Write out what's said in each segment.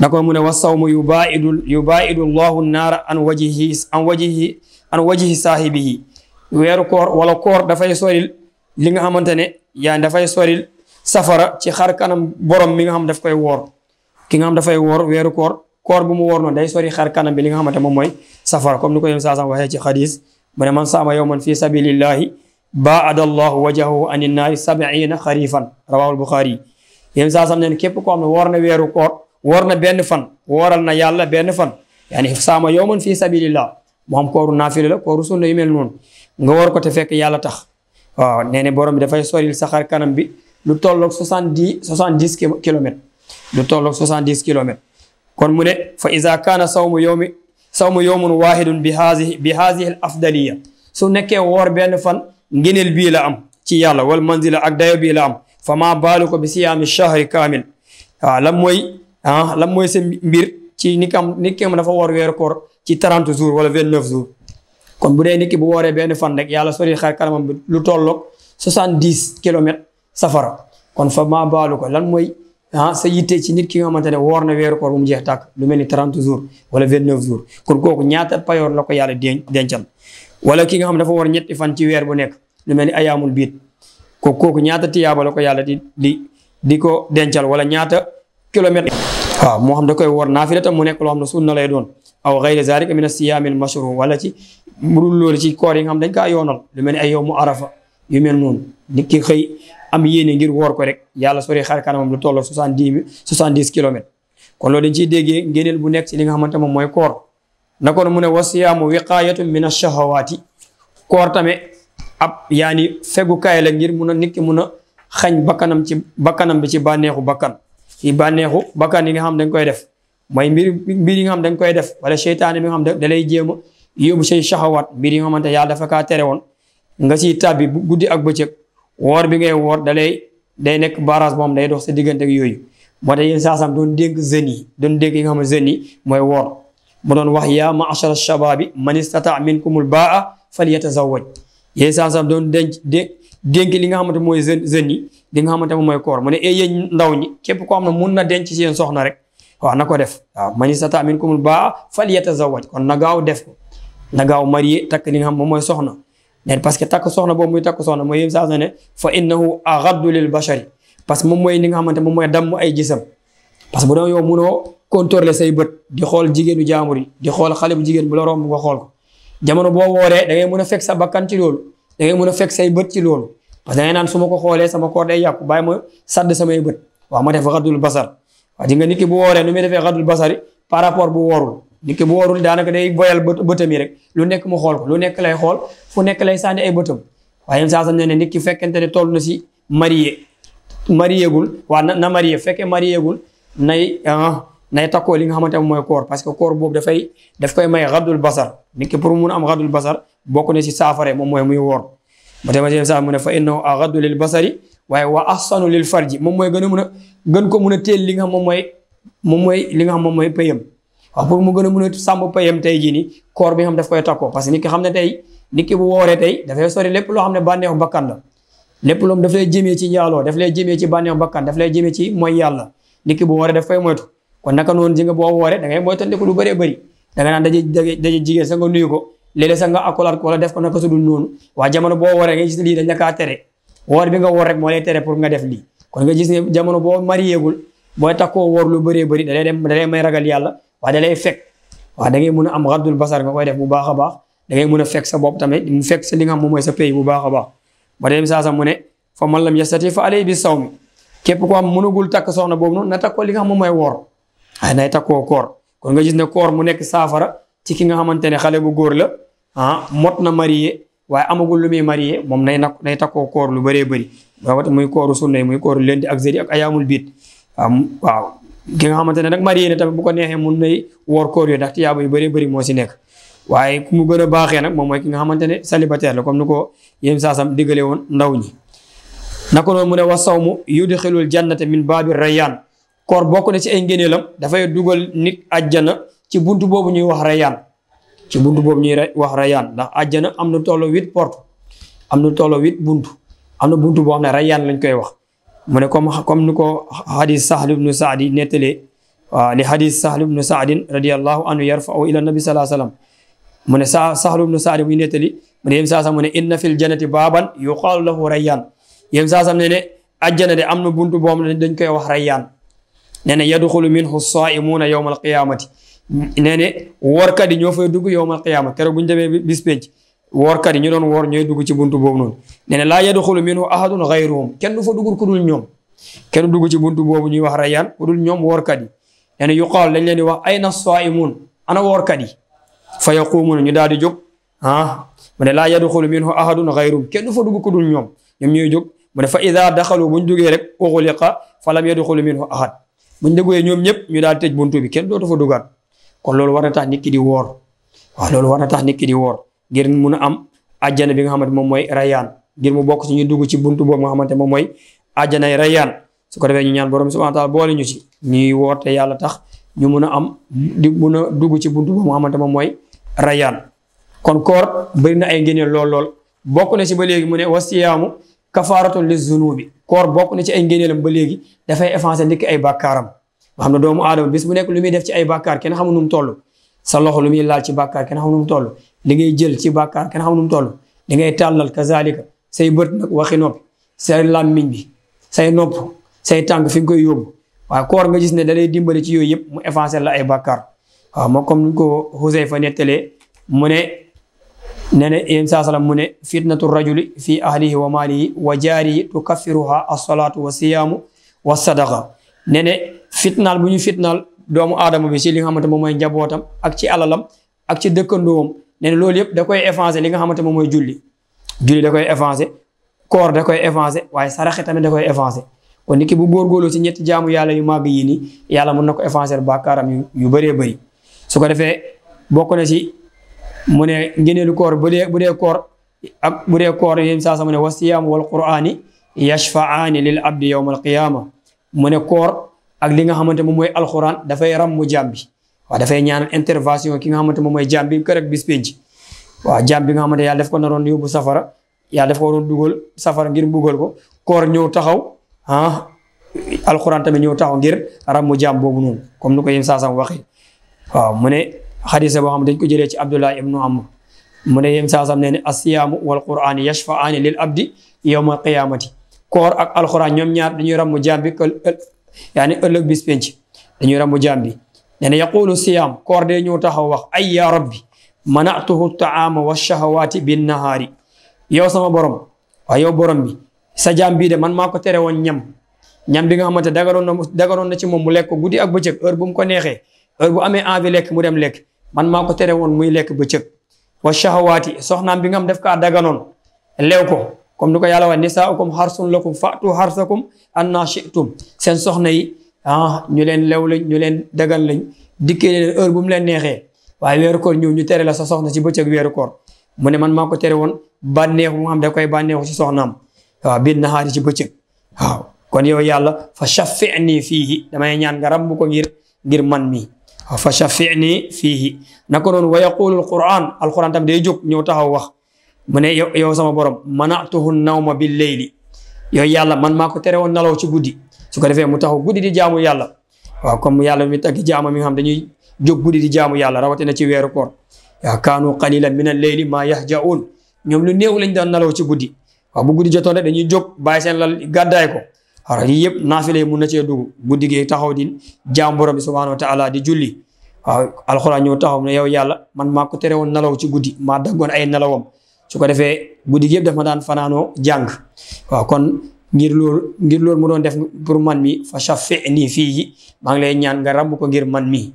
nako mu ne wa sawmu yubaidu yubaidu llahu naara an wajihi an wajihi an wajihi saahibihi weeru koor wala koor dafay soril li nga xamante ne yaa dafay soril safara ci xar kanam borom mi nga xam daf koy woor ki nga xam dafay woor weeru koor koor bu mu woor noonu day sori xar kanam bi li nga xamante moom mooy safara comme ni ko yéen saa sam waxee ci xadis mu ne man saama yowman fi sabilillahi baada allahu wajahu an innaari sabiina xarifan rawahul buxaari yéen saa sam neen képp koo xam woor na weeru koor woor na benn fan wooral na yàlla benn fan yaani saama yowman fii sabilillah mu am kooru naafile la kooru sunna yu mel nga woor ko te fekk yàlla tax waaw nee ne borom bi dafay soril saxar kanam bi lu tolloog soixante-dix soixante-dix kilomètres lu tolloog soixante-dix kilomètres kon mu ne fa ida kaana sawmu yowmi sawmu yowmun waahidun bi hazihi bi hazihi al afdaliya su nekkee wor benn fan ngëneel bii la am ci yàlla wal manzila ak dayo la am fa maa baalu ko bi siyaami shahri kaamil waaw ah lan mooy seen mbir ci ni kam ni ki dafa woor weeru koor ci 30 jours wala 29 jours kon bu dee nit ki bu wooree benn fan rek yàlla sori xar kanamam bi lu tolloog 70 kilomètres safara kon fa maa baalu ko lan mooy ah sa yitte ci nit ki nga xamante ne woor na weeru koor bu mu jeex tàkk lu mel ni 30 jours wala 29 jours kon kooku ñaata payoor la ko yàlla dencal wala ki nga xam dafa woor ñetti fan ci weer bu nekk lu mel ni ayaamul biit ko kooku ñaata tiyaaba la ko yàlla di di di ko dencal wala ñaata. kilomètre waaw moo xam da koy woor naafila tam mu nekk loo xam ne sunna lay doon aw gayri zalika min asiyaamil mashru wala ci mudul loolu ci koor yi nga xam dañ kaa yoonal lu mel ni ay yow mu arafa yu mel noonu nit ki xëy am yéene ngir woor ko rek yàlla sori xar kanamam lu tolloo soixante-dix soixante-dix kilomètres kon loolu dañ ciy déggee ngéneel bu nekk ci li nga xamante moom mooy koor na kon mu ne wa siyaamu wiqaayatun min ash-shahawaati koor tamit ab yaani fegu kaay la ngir mun a nit ki a xañ bakkanam ci bakkanam bi ci bànneexu bakkan ci bànneexu bakkan yi nga xam dañ koy def mooy mbir yi nga xam dañ koy def wala seytaane bi nga xam da lay jéema yóbbu say saxawaat mbir yi nga xamante yàlla dafa kaa tere woon bi ngay woor dalay day nekk barrage moom day dox sa diggante ak yooyu moo tax yéen saasam doon dénk jeunes yi doon dénk yi nga xam ne jeunes yi mooy woor mu doon wax yaa ma'ashara shababi man istata minkumul baa falyatazawaj yéen saasam doon denc dénk li nga xamante mooy jeune jeunes yi li nga xamante moom mooy koor mu ne e yéen ndaw ñi képp koo xam ne mun na denc si yéen soxna rek waaw na ko def waaw man istata'a minkumul baa'ata falyatazawwaj kon na gaaw def ko na gaaw marié takk li nga xam moom mooy soxna neen parce que takk soxna boo muy takk soxna mooy yém saasa ne fa innahu aghaddu lil bashari parce que moom mooy li nga xamante moom mooy damm ay gisam parce que bu doon yow munoo contrôler say bët di xool jigéenu jaamur yi di xool xale bu jigéen bu la romb nga xool ko jamono boo wooree da ngay mën sa bakkan ci loolu da ngay mën a fekk say bët ci loolu parce que da ngay naan su ma ko xoolee sama koor day yàqu bàyyi ma sàdd samay bët waaw ma def xadul basar waaw di nga nit ki bu wooree nu muy defee xadul basari par rapport bu woorul nit ki bu woorul daanaka day boyal bët bëtam yi rek lu nekk mu xool ko lu nekk lay xool fu nekk lay sànni ay bëtam waaye saa sam ne nit ki fekkente ne toll na si marié marié gul waa na marié fekkee marié gul nay ah, nay takkoo li nga xamante ne mooy koor parce que koor boobu dafay daf may xadul basar ki pour mun am xadul basar bokk na si saafara moom mooy muy woor ba tey ma jëm sax mu ne fa innahu aghaddu lil basari waaye wa ahsanu lil farji moom mooy gën a mun a gën ko mun a teel li nga moom mooy moom mooy li nga xam moom mooy payam waaw pour mu gën a mun a sàmm payam tey jii nii koor bi nga xam daf koy takkoo parce que nit ki xam ne tey niki bu wooree tey dafay sori lépp loo xam ne bànneexu bakkan la lépp loom daf lay jëmee ci njaaloo daf lay jëmee ci bànneexu bakkan daf lay jëmee ci mooy yàlla nit ki bu wooree daf koy moytu kon naka noonu ji nga boo woore da ngay moytandiku lu bëree bëri da nga naan daje daje jigéen sa nga nuyu ko léeg-léeg sax nga akolaat ko def ko naka su dul noonu waaye jamono boo waree nga gis ne lii dañ la kaa tere woor bi nga woor rek moo lay tere pour nga def lii kon nga gis ne jamono boo mariéegul booy takkoo lu bëree bëri da lay dem da lay may ragal yàlla da lay fekk waaye da ngay mun a am raddul basar nga koy def bu baax a baax da ngay mun a fekk sa bopp tamit mu fekk sa li nga xam moom mooy sa pays bu baax a ba dem saa sa mu ne fa man lam yastati fa alayhi bi sawmi ko am mënugul takk soxna boobu noonu na takkoo nga xam moom mooy woor waaye nay takkoo koor kon nga gis ne koor mu nekk saafara ci ki nga xamante xale bu góor la ah mot na marié waaye amagul lu muy marié moom nay na nay takkoo koor lu bëree bëri rawatina muy kooru sunna muy kooru lundi ak jeudi ak ayaamul biit waaw ki nga xamante ne nag marié ne ko neexee mun nay woor koor yooyu ndax tiyaaba yu bëree bëri moo si nekk waaye ku mu gën a baaxee nag moom mooy ki nga xamante ne célibataire la comme ni ko yéen saasam diggale woon ndaw ñi naka noonu mu ne wa sawmu yudxilul jannata min baabi rayaan koor bokk na ci ay dafay dugal nit àjjana ci buntu boobu ñuy wax rayaan ci buntu boobu ñuy wax rayaan ndax àjjana am na tolloo huit porte am na tolloo huit buntu am na buntu boo xam ne rayaan lañu koy wax mu ne comme comme ni ko xadis Sahl ibnu Saadi nettalee waaw li xadis Sahl ibnu Saadin radiallahu anhu yarfau ila nabi salaa sallam mu ne sa Sahl ibnu Saadi muy nettali mu ne yém saa sam mu ne inna fil jannati baaban yuqaalu lahu rayaan yém saa sam ne ne àjjana de am na buntu boo xam ne dañ koy wax rayaan nee na yadxulu minhu saaimuuna yowma alqiyaamati nee ne woorkat yi ñoo fay dugg yowmal qiyaama keroog bu ñu demee bis penc woorkat yi ñu doon woor ñooy dugg ci buntu boobu noonu nee ne laa yadxulu minhu ahadun gayruhum kenn du fa dugg ku dul ñoom kenn dugg ci buntu boobu ñuy wax rayaan ku dul ñoom woorkat yi nee ne yuqaal lañ leen di wax ayna saa'imuun ana woorkat yi fa yaquumuuna ñu daal di jóg ah mu ne laa yadxulu minhu ahadun gayruhum kenn du fa dugg ku dul ñoom ñoom ñooy mu ne fa ida daxalu buñ duggee rek uxliqa fa lam yadxulu minhu ahad buñ duggee ñoom ñëpp ñu daal tëj buntu bi kenn dootu fa dugaat kon loolu war na tax nit ki di woor waaw loolu war na tax nit ki di woor ngir mun a am àjjana bi nga xamante moom mooy rayaan ngir mu bokk ci ñu dugg ci buntu boobu nga xamante moom mooy àjjanay rayaan su ko defee ñu ñaan borom subhanahu wa ñu ci ñuy woor yàlla tax ñu mun a am di mun a dugg ci buntu boobu nga moom mooy rayaan kon koor bëri na ay ngéneel lool lool bokk na si ba léegi mu ne wasiyaamu kafaaratun li zunubi koor bokk na ci ay ngéneelam ba léegi dafay effacer nit ay bàkkaaram nga xam ne doomu aadama bis bu nekk lu muy def ci ay bàkkaar kenn xamul nu mu toll sa loxo lu muy laal ci bàkkaar kenn xamul nu mu toll li ngay jël ci bàkkaar kenn xamul nu mu toll dingay ngay tàllal kazalika say bët nag waxi noppi say làmmiñ bi say nopp say tànk fi nga koy yóbbu waaw koor nga gis ne dalay lay dimbali ci yooyu yëpp mu effacer la ay bàkkaar waaw moo comme ni ko Xuseyfa nettalee mu ne ne ne yéen saa salaam mu ne fitnatu rajuli fi ahlihi wa maalihi wa jaari tukaffiruha as-salaatu wa wa sadaqa ne fitnaal bu ñu fitnaal doomu aadama bi si li nga xamante moom mooy njabootam ak ci alalam ak ci dëkkandoom nee loolu yëpp da koy effacé li nga xamante moom mooy julli julli da koy effacé koor da koy effacé waaye saraxe tamit da koy effacé kon nit ki bu góorgóorloo si ñetti jaamu yàlla yu màgg yi nii yàlla mun na ko effacé bàkkaaram yu yu bëree bëri su ko defee bokk na si mu ne ngëneelu koor bu dee bu dee koor ak bu dee koor yéen saa sa mu ne wasiyaamu wal quraani yashfaani lil abdi yawmal qiyaama mu ne ak li nga xamante moom mooy alxuraan dafay ram mu jaam bi waaw dafay ñaanal intervention ki nga xamante moom mooy jaam bi kër ak bis penc waaw jaam bi nga xamante yàlla daf ko naroon yóbbu ko ko koor ñëw taxaw ah alxuraan tamit ñëw taxaw ngir ram mu jaam boobu noonu comme ni ko yéen saasam waxee waaw mu ne xadisa boo xam dañ ko jëlee ci abdullah ibnu amr mu ne yéen saasam nee ne asiyaamu wal quraan yashfaani lil abdi yowma alqiyamati koor ak alxuraan ñoom ñaar dañuy ram mu jaam bi yaani ëllëg bis penc dañuy rambu jaam bi nee na yaqulu siyaam koor dee ñëw taxaw wax ay yaa rabbi manatuhu taama wa shahawaati bin nahaari yow sama borom waa yow borom bi sa jaam bii de man maa ko tere woon ñam ñam bi nga xamante dagaroon na dagaroon na ci moom mu lekk ko guddi ak bëccëg heure bu mu ko neexee heure bu amee envie lekk mu dem lekk man maa ko tere woon muy lekk bëccëg wa shahawaati soxnaam bi nga am def kaa daganoon lew ko comme ni ko yàlla wax nisaaukum xarsun lakum fatu ko anna shi'tum seen soxna yi ah ñu leen lew lañ ñu leen dagan lañ dikkee leen heure bu mu leen neexee waaye weeru koor ñëw ñu tere la sa soxna si bëccëg weeru koor mu ne man maa ko tere woon bànneexu mu am da koy bànneexu si soxnaam waaw biir naxaari si bëccëg waaw kon yow yàlla fa shafi'ni fiihi damay ñaan nga ramb ko ngir ngir man mi fa shafi'ni fiihi naka noonu wa yaqulu alquran alquran tam day jóg ñëw taxaw wax mu ne yow yow sama borom naw ma bil layli yooyu yàlla man maa ko tere woon nalaw ci guddi su ko defee mu taxaw guddi di jaamu yàlla comme yàlla mi tagg jaama mi nga xam dañuy jóg guddi di jaamu yàlla rawatina ci weeru koor yaa kaanu qalilan min al layli maa yahjaun ñoom lu néew lañ daan nalaw ci guddi bu guddi jotoon rek dañuy jóg bàyyi lal gàddaay ko yëpp naafile yi mun na cee dugg guddi gi taxaw di jaam borom bi subhanahu wa di julli waaw ñëw taxaw ne yow yàlla man maa ko tere woon nalaw ci guddi maa daggoon ay nalawam su ko defee guddi yëpp daf ma daan fanaanoo jàng waaw kon ngir loolu ngir loolu mu doon def pour man mi fa nii fii maa ngi lay ñaan nga ramm ko ngir man mi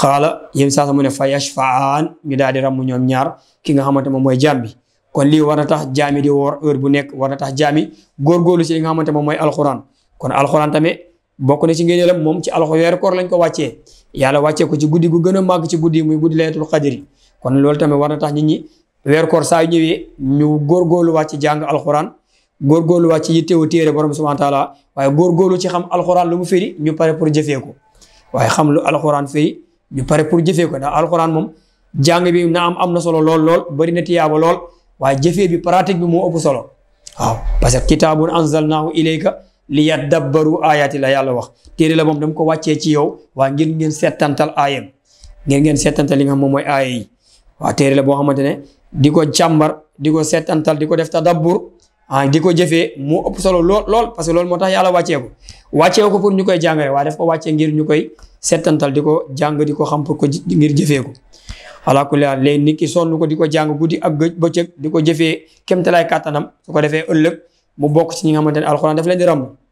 xaala yéen saasa mu ne fa yashfa'an ñu daal di ramm ñoom ñaar ki nga xamante moom mooy jaam bi kon lii war na tax jaami di woor heure bu nekk war na tax jaami góorgóorlu si li nga xamante moom mooy alxuraan kon alxuraan tamit bokk na ci ngéneelam moom ci alxuraan weeru koor lañ ko wàccee yàlla wàccee ko ci guddi gu gën a màgg ci guddi muy guddi laylatul qadri weer koor saa yu ñëwee ñu góor góorgóorluwaat ci jàng alxuraan góor góorgóorluwaat ci yittewu téere borom subhaana taala waaye góorgóorlu ci xam alxuraan lu mu firi ñu pare pour jëfee ko waaye xam lu alxuraan firi ñu pare pour jëfee ko ndax alxuraan moom jàng bi na am am na solo lool lool bari na tiyaaba lool waaye jëfee bi pratique bi moo ëpp solo waaw parce que kitaabun anzalnaahu ilayka li yaddabbaru ayaati la yàlla wax téere la moom dama ko wàccee ci yow waa ngir ngeen seetantal aayam ngir ngeen li nga moom mooy aaya waa la boo xamante ne di ko jàmbar di ko setantal di ko def ta tadabbur ah di ko jëfee mu ëpp solo lool lool parce que loolu moo tax yàlla wàccee ko wàccee ko pour ñu koy jàngale waa def ko wàccee ngir ñu koy seetantal di ko jàng di ko xam pour ko ngir jëfee ko ala kulli haal léegi nit ki sonn ko di ko jàng guddi ak gëj bëccëg di ko jëfee kémtalaay kàttanam su ko defee ëllëg mu bokk si ñi nga xamante ne alxuraan daf leen di ràmm